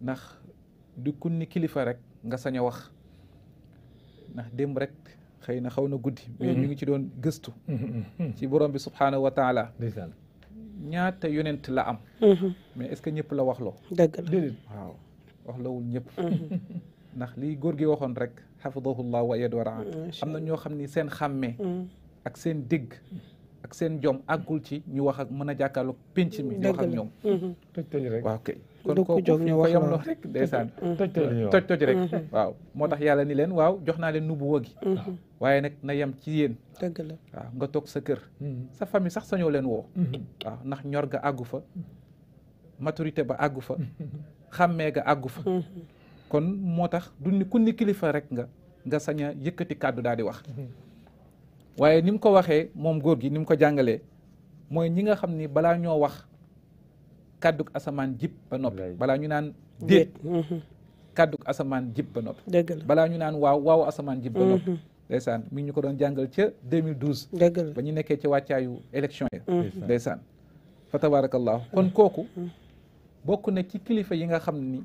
ndax du kun ni kilifa rek nga sañ a wax ndax démb rek xëy na xaw na guddi mm-hmm. mais ñu ngi ci doon gëstu mm-hmm. ci borom bi subhaanahu wa ñaata yonent la am mm-hmm. mais est-ce que ñëpp la waxloo dëgg la déedéet waaw waxloowul ñëpp ndax lii góor gi waxoon rek xafidahullah wa yad waraa am na ñoo xam ni seen xàmmee ak seen dégg ak seen jom àggul ci ñu wax ak mën a jàkkaarloog penc mi di wax ak ñoom mhm. toj toj rek waaw ko yam loo rek ndeysaan mhm. mhm. moo tax yàlla ni leen waaw jox naa leen bu gi waaye nag na yem ci yéen dëgg la nga toog sa kër sa famille sax sañoo leen woo waaw ndax ñor ga àggu fa maturité ba àggu fa xàmmee ga àggu fa kon moo tax du ku ni kilifa rek nga nga sañ a yëkkati kàddu daal di wax waaye ni mu ko waxee moom góor gi ni mu ko jàngalee mooy ñi nga xam ni balaa ñoo wax kàdduk asamaan jib ba noppi balaa ñu naan déet mm-hmm. kàdduk asamaan jib ba nopp dëgg la balaa ñu naan waaw waaw asamaan jib mm-hmm. mi ñu ko doon jàngal ca 2012 dëgg la ba ñu nekkee ci wàccaayu élection ya mm-hmm. ndeysaan fa tabarakallahu kon kooku bokk na ci kilifa yi nga xam ni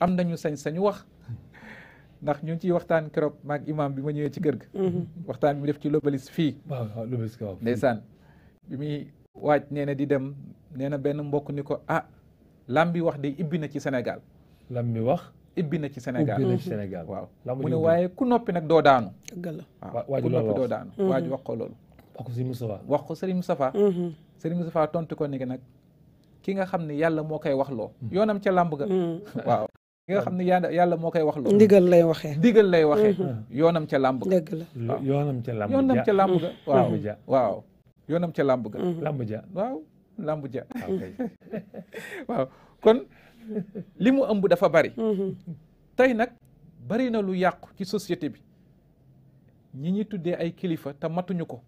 am nañu sañ-sañu wax ndax ñu ngi ciy waxtaan keroog maak imam bi ma ñëwee ci kër ga mhm. waxtaan bi def ci lobalis fii ndeysaan bi muy waaj nee na di dem nee na benn mbokk ni ko ah lam bi wax de ibbi na ci Sénégal lam bi wax ibbi na ci Sénégal ibbi ci Sénégal waaw mu ne waaye ku noppi nag doo daanu waaw ku noppi doo daanu mhm. waaju wax ko loolu wax ko Serigne Moustapha wax ko Serigne Moustapha mhm. Serigne Moustapha tontu ko ni nag ki nga xam ne yàlla moo koy wax loo yoonam ca làmb ga waaw ki nga xam ne yàlla moo koy wax loolu ndigal lay waxee ndigal lay waxee mhm. yoonam ca làmb ga dëgg la yoonam ca làmb ca làmb ga waaw waaw yoonam ca làmb ga mhm. làmb ja waaw làmb ja waaw kon li mu ëmb dafa bari mhm. tey nag bari na lu yàqu ci société bi ñi ñi tuddee ay kilifa te matuñu ko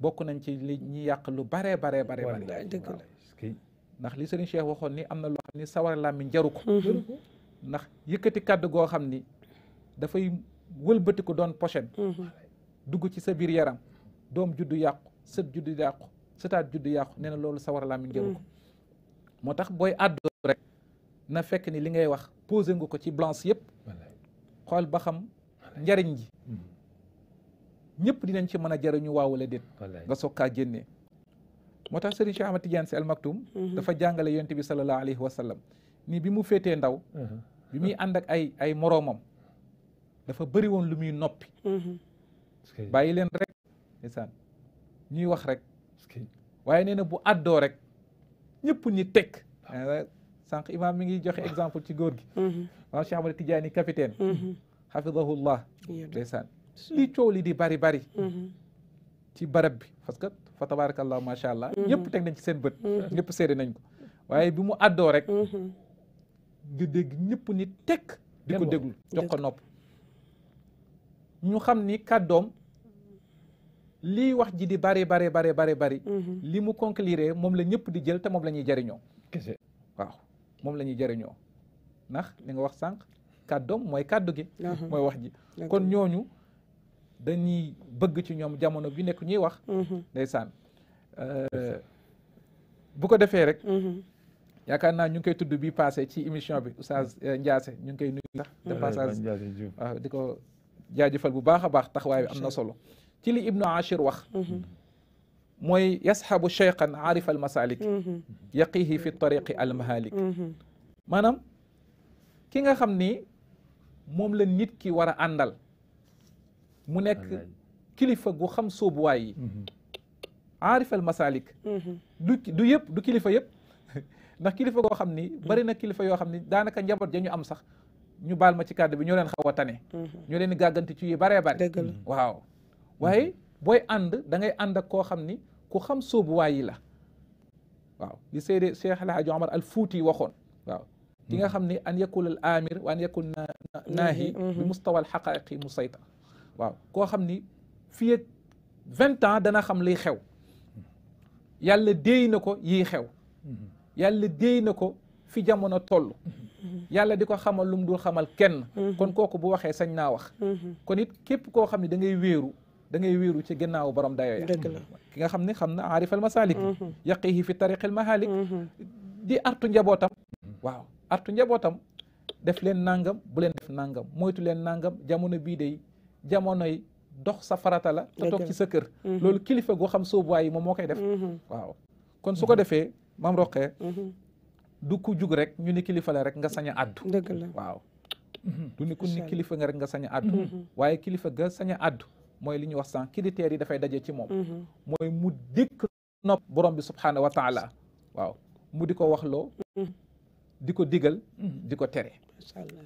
bokk nañ ci li ñi yàq lu bare baree baree bari dëgg ndax li Serigne Cheikh waxoon ni am na loo xam ni sawar làmmiñ jaru ko ndax yëkkati kàdd goo xam ni dafay wëlbati ko doon pochette. Mhm. dugg ci sa biir yaram doom juddu yàqu sët juddu yàqu sëtaat juddu yàqu nee na loolu sa war a ko mhm. moo tax booy àddu rek na fekk ni li ngay wax posé nga ko ci blanche yëpp xool ba xam njariñ ji mhm. ñëpp dinañ ci mën a jariñu waaw wala déet nga soog kaa génnee moo tax Serigne Cheikh Ahmad Tidiane Sy Al dafa jàngale yonent bi sallallahu alayhi wa sallam ni bi mu féetee ndaw mhm. bi muy ànd ak ay ay moroomam dafa bëri woon lu muy noppi mhm. bàyyi leen rek ndeysaan ñuy wax rek waaye nee na bu àddoo rek ñëpp ñi teg ah. eh, sànq imaam mi ngi joxe exemple ci góor gi mhm. maam Cheikh Ahmad Tidiane capitaine xafidahullah li coow li di bari bari ci barab bi parce que fa tabarakallah macha allah ñëpp teg nañ ci seen bët ñëpp seede nañ ko waaye bi mu àddoo rek nga dégg ñëpp ni tek di ko déglu jox ko nopp ñu xam ni kàddoom lii wax ji di bari bari bari bari bari mhm. li mu conclure moom la ñëpp di jël te moom lañuy jariñoo kese waaw moom la ñuy jariñoo ndax li nga wax sànq kàddoom mooy kàddu gi mhm. mooy wax ji kon ñooñu dañuy bëgg ci ñoom jamono bi nekk ñuy wax mhm. ndeysaan euh, bu ko defee rek yaakaar naa ñu ngi koy tudd bi passé ci émission bi Oustaz eh, Ndiassé ñu ngi koy nuyu sax de eh, passage waaw di ko jaajëfal bu baax a baax taxawaay bi am na solo ci li Ibnu Achir wax mm-hmm. mooy yasxabu cheikhan aarifa almasalik mm-hmm. yaqihi fi tariqi almahalik mm-hmm. maanaam ki nga xam ni moom la nit ki war a àndal mu nekk kilifa gu xam sóobuwaay yi aarif almasalik du du yëpp du kilifa yëpp ndax kilifa goo xam ni mm-hmm. bari na kilifa yoo xam ni daanaka njaboot ja ñu am sax ñu baal ma ci kàddu bi ñoo leen xaw tane mm-hmm. ñoo leen di gàgganti ci yu baree bari mm-hmm. waaw waaye booy ànd da ngay ànd ak koo xam ni ku xam sóobuwaay yi la waaw li Seydi Cheikh El Hadj al Fuuti waxoon waaw ki nga xam ni an yakul al amir wa an yakul na naahi bi mustawa al xaqaiqi musayta waaw koo xam ni fii ak vingt ans dana xam lay xew yàlla déey na ko yii xew yàlla déy na ko fi jamono toll yàlla di ko xamal lu dul xamal kenn kon kooku bu waxee sañ naa wax kon it képp koo xam ne da ngay wéeru da ngay wéeru ci gannaaw borom dayo ya ki nga xam ne xam na aarifal masalik mhm. yaqihi fi tariqil mahalik mhm. di artu njabootam waaw artu njabootam def leen nangam bu leen def nangam moytu leen nangam jamono bii day jamonoy dox sa farata la te toog ci sa kër mhm. loolu kilifa goo xam soobuwaay moom moo koy def waaw kon su ko defee maam roqee mhm. du ku jug rek ñu ni kilifa la rek nga sañ a addu dëgg waaw mhm. du ni ku ni kilifa nga rek nga sañ a mhm. waaye kilifa ga sañ a addu mooy li ñuy wax sànq critères yi dafay daje ci moom mooy mu dikk nopp borom bi subhaanahu wa taala waaw mu di ko wax loo di ko digal. Mm-hmm. di ko tere.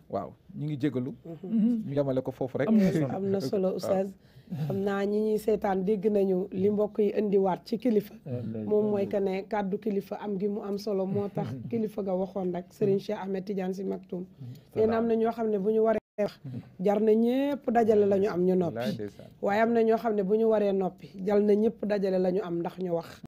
waaw ñu ngi jégalu. Mm-hmm. ñu yemale ko foofu rek. am na solo oustaz xam naa ñi ñuy seetaan dégg nañu li mbokk yi indiwaat ci kilifa. moom mooy que ne kàddu kilifa am gi mu am solo moo tax mm-hmm. kilifa ga waxoon rek Serigne Cheikh Ahmed Tidiane Sy Maktoum. nee na am na ñoo xam ne bu ñu waree wax jar na ñëpp dajale la ñu am ñu noppi. waaye am na ñoo xam ne bu ñu waree noppi jal na ñëpp dajale lañu am ndax ñu wax.